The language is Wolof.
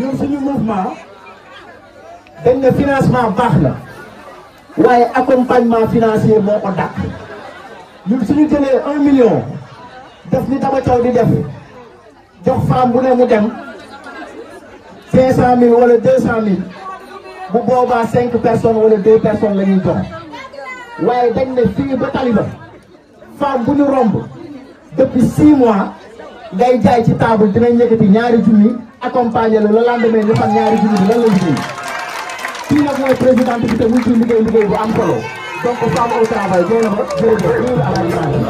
ñun suñu mouvement dañ ne financement baax la waaye accompagnement financier moo ko dàq ñun suñu jëlee un million def ni dama caw di def jox femme bu ne mu dem cinq cent mille wala deux cent bu boobaa cinq personnes wala deux personnes la ñuy waaye dañ fii ba Taliba femme bu ñu romb depuis six mois ngay jaay ci table dinañ yëkkati ñaari junni accompagner la le lendemain ñu ñaari junni bi lan la liggéey kii nag mooy président bi te mu ngi ciy liggéey liggéey bu am solo donc femme au travail jërëjëf jërëjëf